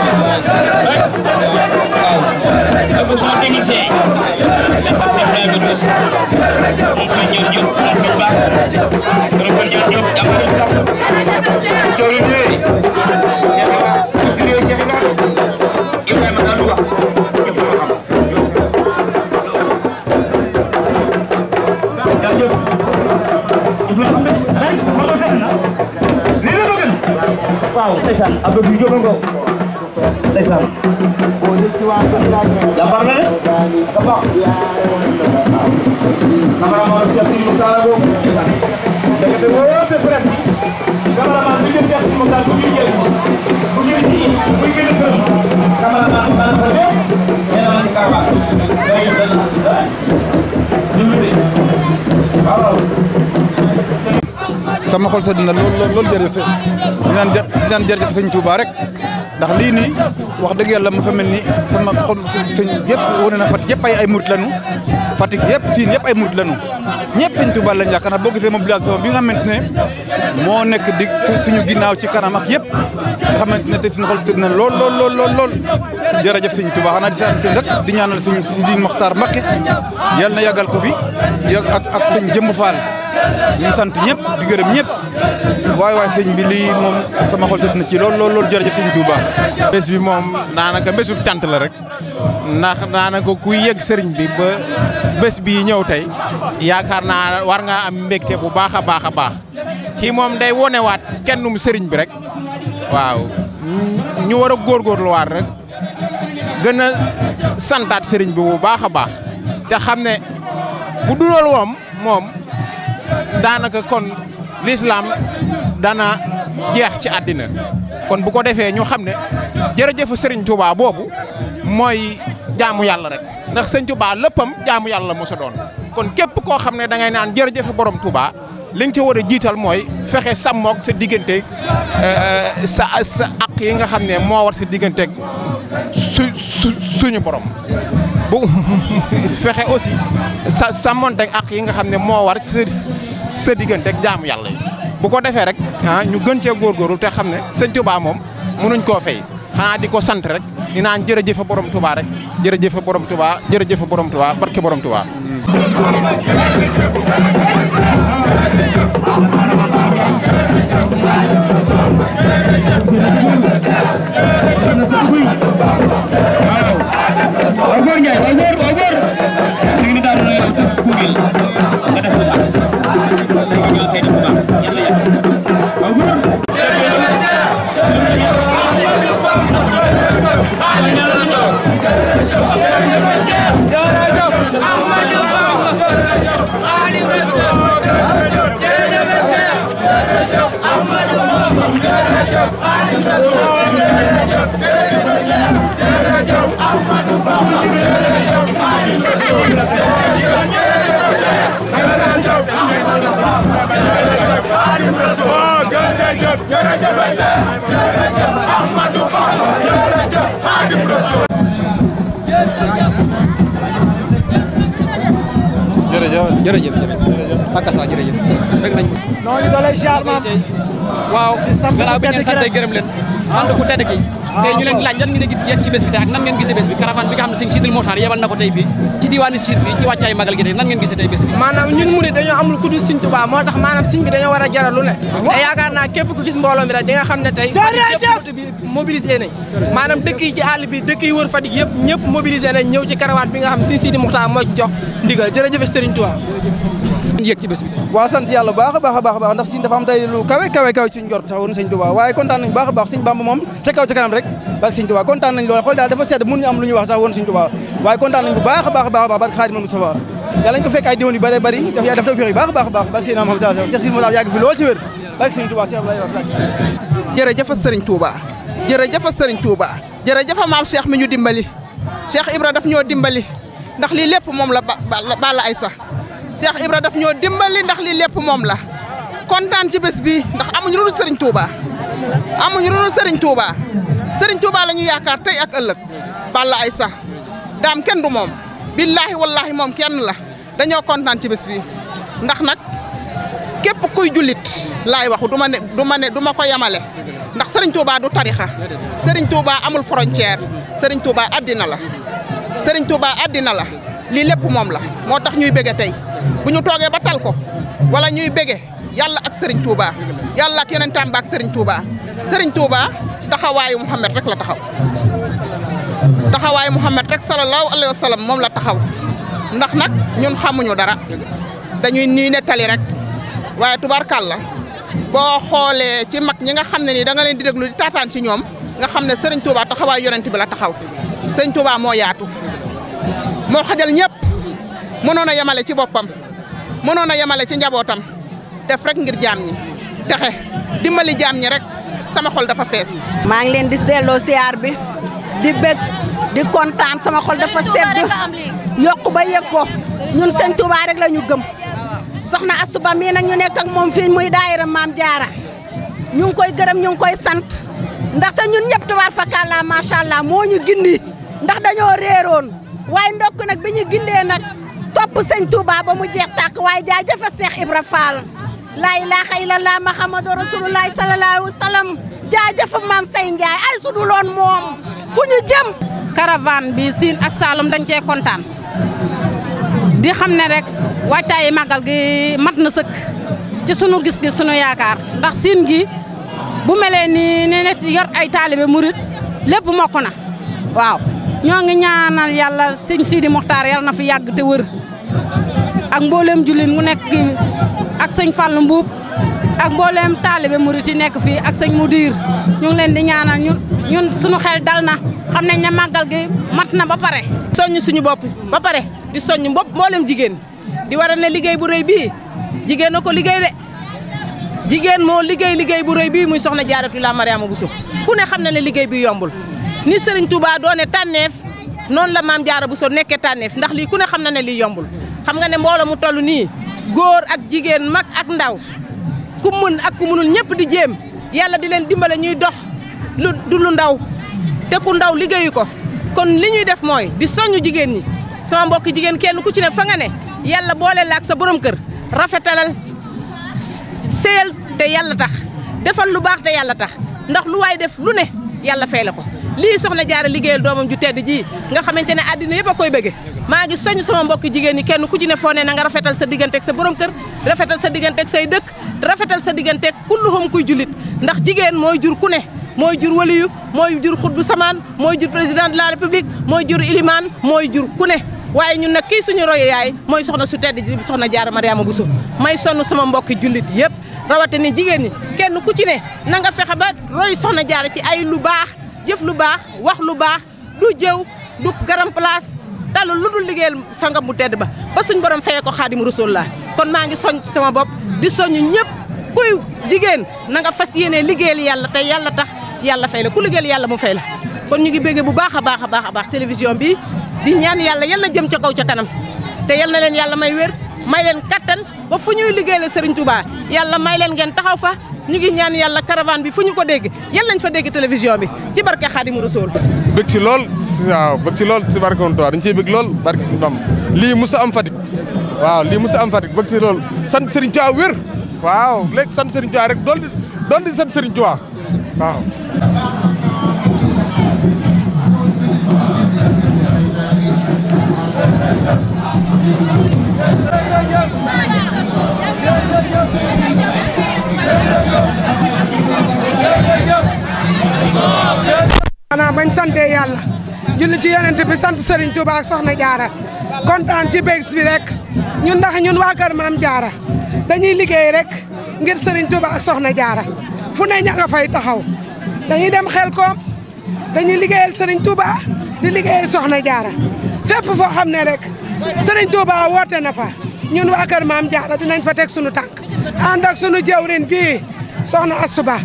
waaw dafa modernisé dafa seqal bi tuuti moom la ñëw ñëw moom fi mu baax loolu kon ñëw ñëw dafa doon taw. coono ñëwee Cheikh Ibrahima Cheikh Ibrahima daal wax ñëpp la xam. jaajëf Ibrahima xam nga rek xooloo seetlu na lii la doon gën. waaw ndeysaan ab dëgg yu jóge ko. Gambar mana? Kebak. Kamera mau siap di muka lagu. Dekat dengan orang seberat. Kamera mau bikin siap di muka lagu bikin. Bikin di, bikin di film. Kamera mau mana saja? Yang nama di kamera. Dari dari dari. Dulu deh. Kalau sama xol sedd na lool lool lool jërëjëf di naan jër di naan jërëjëf sëñ Touba rek ndax lii nii wax dëgg yàlla mu fa mel ni sama xol sëñ yëpp wane na Fatick yëpp ay ay murit lañu Fatick yëpp siin yëpp ay murit lañu ñëpp sëñ Tuubaa lañu yaakaar boo gisee mobilisation bi nga xamante ne moo nekk di suñu ginnaaw ci kanam ak yëpp nga xamante ne te suñu xol tëdd na lool lool lool lool lool jërëjëf sëñ Tuubaa xanaa di sant seen rek di ñaanal sëñ Sidi Mokhtar Mbacké yàlla na yàggal ko fi ak ak sëñ Jëmb Fall ñu sant ñëpp di gërëm waay waay sëñ bi lii moom sama xol sedd na ci lool lool lool jërëjëf sëñ Touba. bés bi moom naanaka bésu cant la rek ndax naanaka kuy yëg sëriñ bi ba bés bii ñëw tey yaakaar naa war ngaa am mbégte bu baax a baax a baax kii moom day wonewaat kennum sëriñ bi rek waaw ñu war a góor góorgóorluwaat rek gën a santaat sëriñ bi bu baax a baax te xam ne bu dul woon moom. daanaka kon lislaam dana jeex ci àddina kon bu ko defee ñoo xam ne jërëjëfu sëriñ Touba boobu mooy jaamu yàlla rek ndax sëñ Touba léppam jaamu yàlla mosa doon kon képp koo xam ne da ngay naan jërëjëf borom Touba liñ ci ca war a jiital mooy fexe sàmmoog sa diggante euh, sa sa ak yi nga xam ne moo war sa digganteeg su suñu borom. bu fexe aussi sa sàmmonte ak yi nga xam ne moo war sa sa diggante ak jaamu yàlla bu ko defee rek ah, ñu gën cee góorgóorlu te xam ne sëñ Touba moom mënuñ koo fay xanaa di ko sant rek di naan jërëjëf borom Touba rek jërëjëf borom Touba jërëjëf borom Touba barke borom Touba. Bagor gel, bagor, bagor. Şimdi jërëjëf jërëjëf ak sa jërëjëf bëgg nañ noonu da lay ziar maam waaw di sant gannaaw bi ngeen sante gërëm leen sant ku tedd ki tey ah, ñu leen di laaj lan ngeen yegg ci bés bi tey nan ngeen gisee bés bi caravane bi nga xam ne sëñ Sidil Moxtaar yebal na ko tey fii ci diwaani Siir fii ci wàccaay magal gi tey nan ngeen gisee tey bés bi maanaam ñun murid dañoo amul ku dul sëñ moo tax maanaam sëñ bi dañoo war a jaral lu ne ah, te yaakaar naa képp ku gis mbooloo mi rek di xam ne tey Fatick bi mobilisé nañ maanaam dëkk yi ci àll bi dëkk yi wër yëpp ñëpp mobilisé nañ ñëw ci caravane bi yëg ci bés bi waaw yàlla baax a baax a baax a baax ndax sin dafa am tey lu kawe kawe kawe suñu jort sax woon sëñ Tuubaa waaye kontaan nañ baax a baax sëñ Bamba moom ca kaw ca kanam rek waaye kontaan nañ bu baax a baax a baax barke Xaadimu Mustafaa yàlla ñu ko fekk ay baax a baax a baax barke sëñ Maam Xamsa Seex Sidi Muxtaar yàgg fi lool ci wér barke sëñ Tuubaa Seex Abdoulaye Wade jërëjëf sëriñ Tuubaa dimbali Cheikh Ibra daf ñoo dimbali ndax lii lépp moom la bala ay sax Cheikh Ibra daf ñoo dimbali ndax li lepp mom la contane ci bés bi ndax amuñu lu Serigne Touba amuñu lu Serigne Touba Serigne Touba lañu yaakar tay ak ëlëk Balla sax dam kenn du mom billahi wallahi mom kenn la dañoo contane ci bés bi ndax nak képp kuy julit lay waxu duma ne duma ne duma ko yemale ndax Serigne Touba du tarixa Serigne Touba amul frontière Serigne Touba adina la Serigne Touba adina la li lepp mom la motax ñuy bëgg tay bu ñu toogee ba tal ko wala ñuy bége yàlla ak Serigne Touba yàlla ak yeneen tàmba ak Serigne Touba Serigne Touba taxawaayu Mouhamed rek la taxaw taxawaayu Mouhamed rek salallaahu alayhi wa sallam moom la taxaw ndax nag ñun xamuñu dara dañuy nii nettali rek waaye tubaar tubarkàlla boo xoolee ci mag ñi nga xam ne nii danga leen di déglu di taataan ci ñoom nga xam ne sëriñ Touba taxawaayu yonent bi la taxaw Serigne Touba moo yaatu moo xajal ñëpp. mënoon a yemale ci boppam mënoon a yemale ci njabootam def rek ngir jaam ñi texe dimbali jaam ñi rek sama xol dafa fees. maa ngi leen di delloo siyaar bi di bég di kontaan sama xol dafa sedd yokku ba yëg ko ñun sëñ Touba rek la ñu gëm soxna Astou Ba mii nag ñu nekk ak moom fii muy daayira Maam Jaara ñu ngi koy gërëm ñu ngi koy sant ndax ta ñun ñëpp tubaar fakàllaa macha allah moo ñu gindi ndax dañoo réeroon waaye ndokk nag bi ñu gindee nag. topp sëñ Touba ba mu jeex tàkk waaye jaajëfa Cheikh Ibra Fall laa ilaaha illallah Muhammadu rasulullah sallallahu alayhi wa sallam jaajëfa ay su dul moom fu ñu jëm. caravane bi siin ak Saloum dañ cee kontaan di xam ne rek waajtaayi màggal gi mat na sëkk ci sunu gis-gis sunu yaakaar ndax Sine gi bu melee ni ne yor ay taalibe murit lépp mokk na waaw. ñoo ngi ñaanal yalla sëñ Sidi Mokhtar yalla na fi yag te wër ak mbollem jullit mu nek ak sëñ Fallou mbub ak mbollem talibé mouride nek fi ak Mudir ñu ngi leen di ñaanal ñun ñun suñu xel dal na ne magal gi matna ba paré soñ suñu bop ba paré di soñ mbop mbollem jigen di waral ne liggéey bu reuy bi jigen na liggey de jigen mo liggey liggey bu reuy bi muy soxna Jaaratullaa Mariama ku ne xamna ne liggey bi yombul. ni Serigne Touba doone tànneef noonu la maam Jaara bu Buso nekkee tànneef ndax lii ku ne xam na ne lii yombul xam nga ne mbooloo mu tollu nii góor ak jigéen mag ak ndaw ku mën ak ku mënul ñëpp di jéem yàlla di leen dimbale ñuy dox lu du lu ndaw te ku ndaw liggéeyu ko kon li ñuy def mooy di soññu jigéen ñi sama mbokki jigéen kenn ku ci ne fa nga ne yàlla boole la sa borom kër rafetalal séyal te yàlla tax defal lu baax te yàlla tax ndax lu waay def lu ne yàlla fay la ko lii soxna jaara liggéeyal doomam ju tedd ji nga xamante ne àddina yëpp a koy bëgge maa ngi soñu sama mbokki jigéen ñi kenn ku ci ne foo ne na nga rafetal sa diggante ak sa borom kër rafetal sa diggante ak say dëkk rafetal sa diggante ak kulluhum kuy jullit ndax jigéen mooy jur ku ne mooy jur waliyu mooy jur xutbu samaan mooy jur président de la république mooy jur ilimaan mooy jur ku ne waaye ñun nag kii suñu royo yaay mooy soxna su tedd ji soxna jaara mariama buso may sonn sama mbokki jullit yëpp rawatina jigéen ñi kenn ku ci ne na nga fexe ba roy soxna jaara ci ay lu baax jëf lu baax wax lu baax du jëw du garam place dalu lu dul liggéeyal sangam bu tedd ba ba suñ borom fayé ko khadim rasulullah kon ma ngi soñ sama bop di soñ ñëpp kuy jigen na nga fas yéenee liggéeyal yàlla tey yàlla tax yalla fay la ku ligéel yalla mu fay la kon ñu ngi bégge bu baaxa baaxa baaxa baax télévision bi di ñaan yalla yalla jëm ci kaw ci kanam te yalla na leen yalla may wër may leen katan ba fu ñuy Serigne Touba yalla may leen ngeen taxaw fa ñu ngi ñaan yàlla caravane bi fu ñu ko dégg yàlla nañ fa dégg télévision bi ci barke Xaadimu Rasuul bëgg si lool waaw bëgg si lool si barke Won Touba dañ ciy bëgg lool barke si Bamba lii musa am Fatick waaw lii musa am Fatick bëgg si lool sant Serigne Touba wér waaw léegi sant Serigne Touba rek dool dool di sant Serigne Touba waaw yàlla julli ci yonent bi sant Serigne Touba ak Soxna Jaara kontaan ci bés bi rek ñun ndax ñun waa kër maam Jaara dañuy liggéey rek ngir sëriñ Touba ak Soxna Jaara fu ne ña fay taxaw dañuy dem xel koom dañuy liggéeyal Serigne Touba di liggéeyal Soxna Jaara fépp foo xam ne rek Serigne Touba woote na fa ñun waa kër maam Jaara dinañ fa teg sunu tànk ànd ak sunu jawrin bii soxna Astou Ba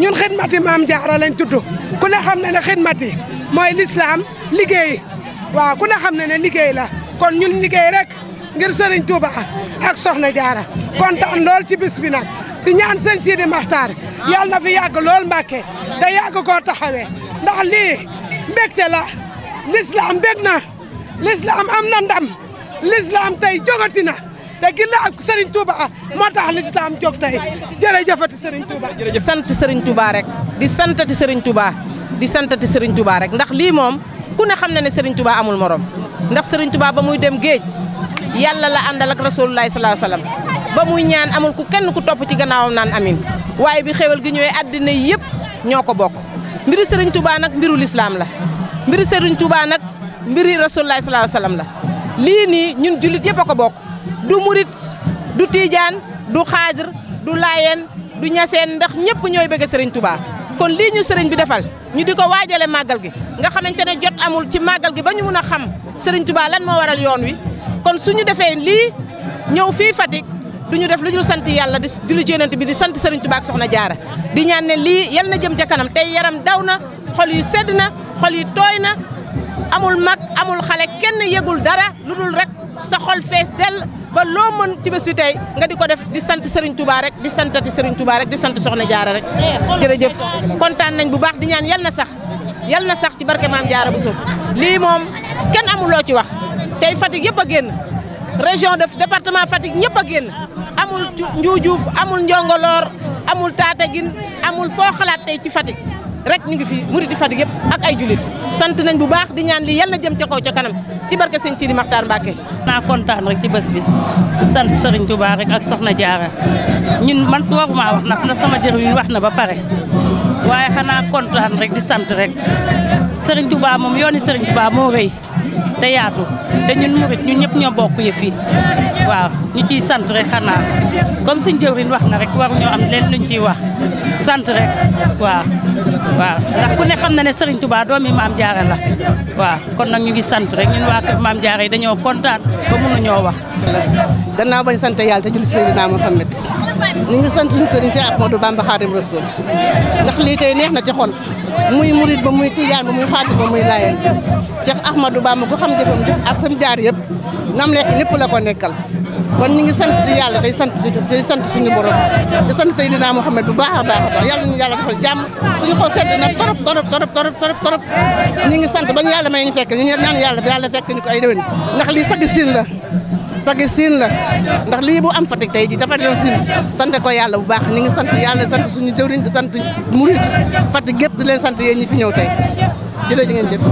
ñun xidmati maam jaara lañ tudd ku ne xam ne ne xidmati mooy lislaam liggéey waaw ku ne xam ne ne liggéey la kon ñun liggéey rek ngir Serigne Touba ak soxna jaara kontaan lool ci bis bi nag di ñaan sëñ Sidi Maxtaar yàlla na fi yàgg lool Mbàkke te yàgg koo taxawee ndax lii mbégte la lislaam bég na lislaam am na lislaam tey jogati na te gilla ak Serigne Touba ah moo tax lislaam jóg tey jërëjëfati Serigne Touba. jërëjëf sant Serigne Touba rek di santati Serigne Touba di santati Serigne Touba rek ndax lii moom ku ne xam ne ne Serigne Touba amul morom ndax sëriñ Touba ba muy dem géej yàlla la àndal ak rasulullahi sallallahu alayhi wasallam ba muy ñaan amul ku kenn ku topp ci gannaawam naan amin waaye bi xewal gi ñëwee àddina yëpp ñoo ko bokk mbiru Serigne Touba nag mbiru lislaam la mbiru Serigne Touba nag mbiri Rasulullah sallallahu alayhi wasallam la lii nii ñun jullit yëpp ko bokk du murit du tidiane du khadir du layen du ñaseen ndax ñepp ñoy bëgg serigne Touba kon li ñu serigne bi defal ñu diko wajale magal gi nga xamantene jot amul ci magal gi bañu mëna xam serigne Touba lan mo waral yoon wi kon suñu defé li ñew fi fatik duñu def luñu sant yalla di julli ci bi di sant serigne Touba ak soxna jaara di ñaan ne li yalla na jëm ci kanam tay yaram dawna xol yu sedna xol yu toyna amul mag amul xalé kenn yegul dara lu rek sa xol fess del ba lo mën ci bes bi tay nga diko def di sante Serigne Touba rek di ti Serigne Touba rek di sante Soxna Jaara rek jërëjëf contane nañ bu baax di ñaan yal sax yal sax ci barke mam Jaara bu li mom ken amu lo ci wax tay Fatick yëpp genn région de département Fatick ñëpp a amul Njuujuuf amul Njongoloor amul amul fo xalat tay ci Fatick rek ñu ngi fi mouride fadig yeb ak ay julit sant nañ bu baax di ñaan li yalla jëm ci kaw ci kanam ci barke seigne Sidi maktar mbake na contane rek ci bëss bi sant Serigne Touba rek ak Soxna Jaara ñun man su waxuma wax na sama jër wi wax na ba pare waye xana contane rek di sant rek Serigne Touba mom yoni Serigne Touba mo reuy te yaatu te ñun murit ñun ñep ñoo bokk yëf waaw ñu ci sant rek xana comme serigne jëwrin wax na rek waruñoo am leen luñ ci wax sant rek waaw waaw ndax ku ne xam na ne Serigne Touba doomi maam Diarra la waaw kon nag ñu ngi sant rek ñun waa kër maam Diarra yi dañoo kontaan ba ñoo wax. gannaaw bañ sant yàlla te julli ci Seydina Muhammad ñu ngi sant suñu Serigne si Ahmadou Bamba Khadim Rasoul ndax lii tey neex na ci muy murit ba muy tijaan ba muy xaadir ba muy laayeen Cheikh Ahmadou Bamba ku xam jëfam jëf a fa mu jaar yëpp nam lekk lépp la ko nekkal kon ñu ngi sant yàlla day sant si sant suñu borom di sant Seydina Mouhamed bu baax a baax a baax yàlla ñu yàlla defal jàmm suñu xol sedd na torop torop torop torop torop torop ñu ngi sant bañ yàlla may ñu fekk ñu ñaan yàlla yàlla fekk ñu ko ay déwén ndax lii sag siin la sagi siin la ndax lii bu am Fatick tey ji dafa doon siin sant ko yàlla bu baax ñi ngi sant yàlla sant suñu jëwriñ di sant murid Fatick gépp di leen sant yéen ñi fi ñëw tey jërëjëf ngeen jëf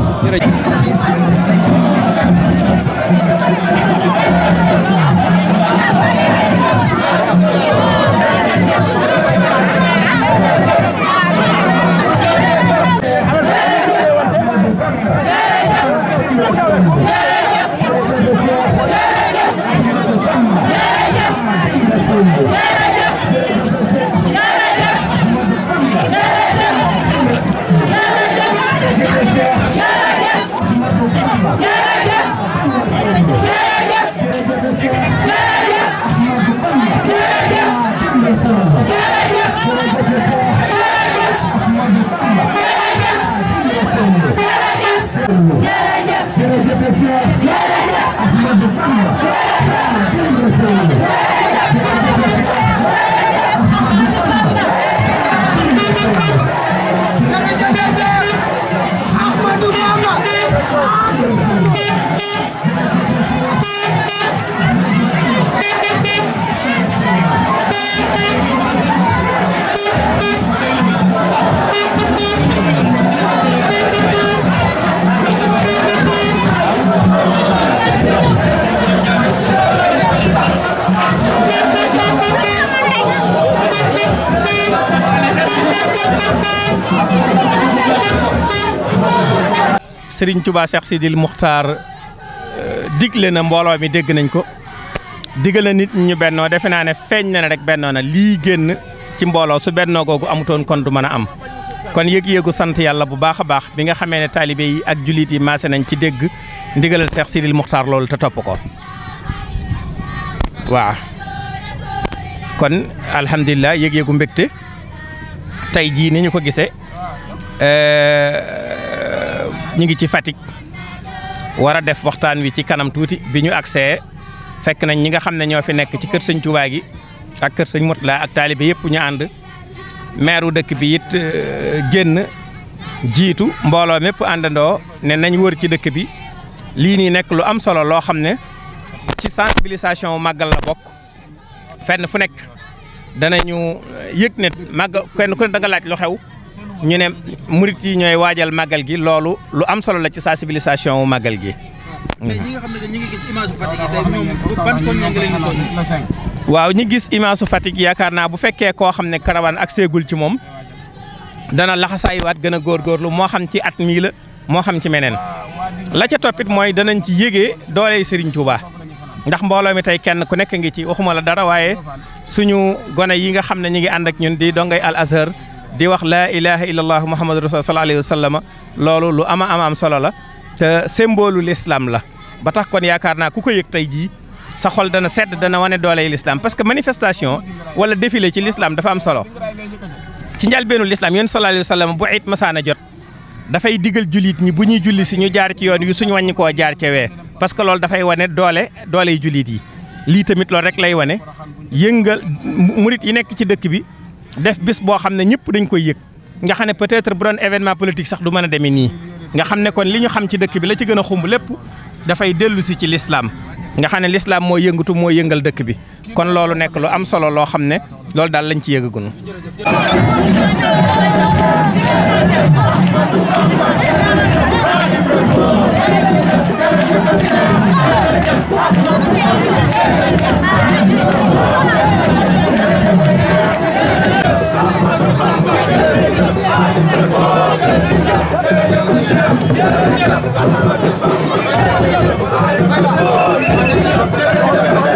Serigne Touba Cheikh Sidil Muxtaar euh, digle na mbooloo mi dégg nañ ko digale nit ñu bennoo defe naa ne feeñ na ne rek bennoo na lii génn ci mbooloo su bennoo googu amutoon kon du mën a am. kon yëg-yëgu sant yàlla bu baax a baax bi nga xamee ne taalibe yi ak jullit yi maase nañ ci dégg ndigalal Cheikh Sidil Muxtaar loolu te topp ko. waaw kon alhamdulilah yëg-yëgu mbégte tey jii ni ñu ko gise euh, ñi ngi ci fatik wara def waxtaan wi ci kanam tuuti bi ñu agsee fekk nañ ñi nga xamne ño fi nekk ci kër sëñ Touba gi ak kër sëñ Mourtala ak talibé yépp ñu and meeru dëkk bi yitt euh, genn jitu mbolo mepp andando ne nañ wër ci dëkk bi li ni nekk lu am solo lo xamne ci sensibilisation magal la bok fenn fu nekk danañu euh, yëg ne mag kenn ku ne da nga laaj lu xew ñu ne murit yi ñooy waajal màggal gi loolu lu am solo la ci sensibilisation wu màggal gi. waaw ñu gis image Fatick yaakaar naa bu fekkee koo xam ne karawaan ak seegul ci moom dana laxasaayiwaat gën góor góorgóorlu moo xam ci at mii moo xam ci meneen la ca toppit mooy danañ ci yëgee dooley Serigne Touba ndax mbooloo mi tey kenn ku nekk ngi ci waxuma la dara waaye suñu gone yi nga xam ne ñu ngi ànd ak ñun di dongay Al Azhar di wax laa ilaha illallah muhammadu rasul sallallahu alayhi wa sallam loolu lu ama ama am solo la te symbole l'islam la ba tax kon yaakaar naa ku ko yëg tey jii sa xol dana sedd dana wane doole l'islam parce que manifestation wala defile ci l'islam dafa am solo ci njëlbeenu l'islam yoon sallallahu alayhi wa sallam bu it masaana jot dafay digal jullit ñi bu ñuy julli si ñu jaar ci yoon wi suñu wàññi jaar ca wee parce que loolu dafay wane doole doole jullit yi lii tamit loolu rek lay wane yëngal murit yi nekk ci dëkk bi def bis bo xamne ñepp dañ koy yek nga xamne peut-être bu doon événement politique sax du mëna a ni nga xamne kon li ñu xam ci dëkk bi la ci gëna xum lepp da fay dellu si ci l'islam nga xamne l'islam lislaam yëngutu yëngatu yëngal dëkk bi kon loolu nek lu am solo lo xamne ne loolu daal lañ ci yëgagunu Thank you. Ahmad Bamba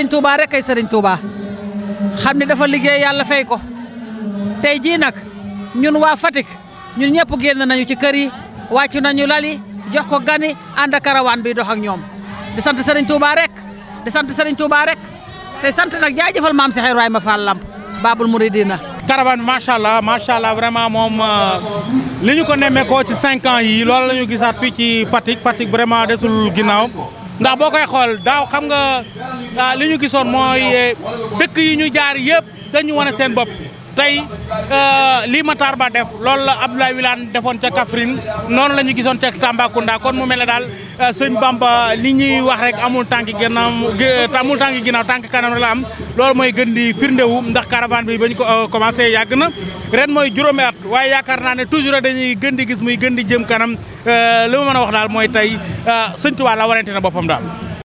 sëriñ Touba rek ay sëriñ Touba xam ne dafa liggéey yàlla fay ko tey jii nag ñun waa Fatick ñun ñëpp génn nañu ci kër yi wàccu nañu lali jox ko gani ànd ak karawaan bi dox ak ñoom di sant sëriñ Touba rek di sant sëriñ Touba rek te sant nag jaajëfal maam Cheikh Ibrahima Fall Lamp Babul Mouridina. caravane macha allah macha allah vraiment moom euh, li ñu ko nemmeekoo ci cinq ans yi loolu la ñu gisaat fii ci Fatick Fatick vraiment desul ginnaaw. ndax boo koy xool daaw xam nga ah, li ñu gisoon mooy eh, dëkk yi ñu jaar yëpp dañu wane seen bopp tey euh, lii ma taar Ba def loolu la Abdoulaye Wilane defoon ca Kaffrine noonu la ñu gisoon ca Tambacounda kon mu mel ne daal euh, sëñ Bamba li ñuy wax rek amul tànk ginnaaw euh, amul tànk ginnaaw tànk kanam rek am loolu mooy gën di firndewu ndax caravane bi bañ ko commencé yàgg na ren mooy juróomi at waaye yaakaar naa ne toujours dañuy gën di gis muy gën di jëm kanam li ma mën a wax daal mooy tey sëñ Tuubaa la warante na boppam daal